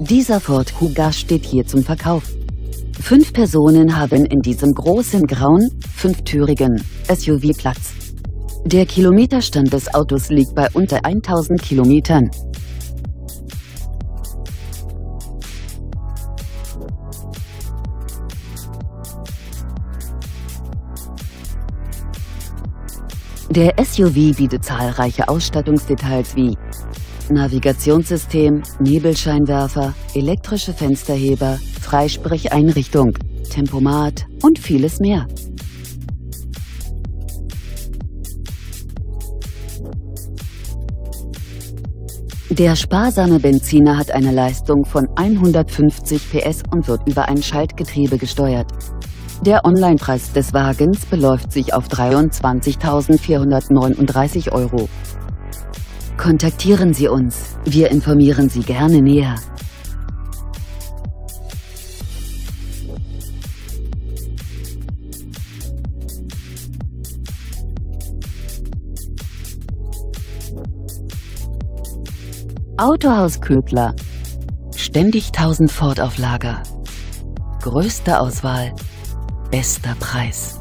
Dieser Ford Kuga steht hier zum Verkauf. Fünf Personen haben in diesem großen grauen, fünftürigen SUV Platz. Der Kilometerstand des Autos liegt bei unter 1000 Kilometern. Der SUV bietet zahlreiche Ausstattungsdetails wie Navigationssystem, Nebelscheinwerfer, elektrische Fensterheber, Freisprecheinrichtung, Tempomat und vieles mehr. Der sparsame Benziner hat eine Leistung von 150 PS und wird über ein Schaltgetriebe gesteuert. Der Onlinepreis des Wagens beläuft sich auf 23.439 Euro. Kontaktieren Sie uns, wir informieren Sie gerne näher. Autohaus Ködler. Ständig 1000 Ford auf Lager. Größte Auswahl, Bester Preis.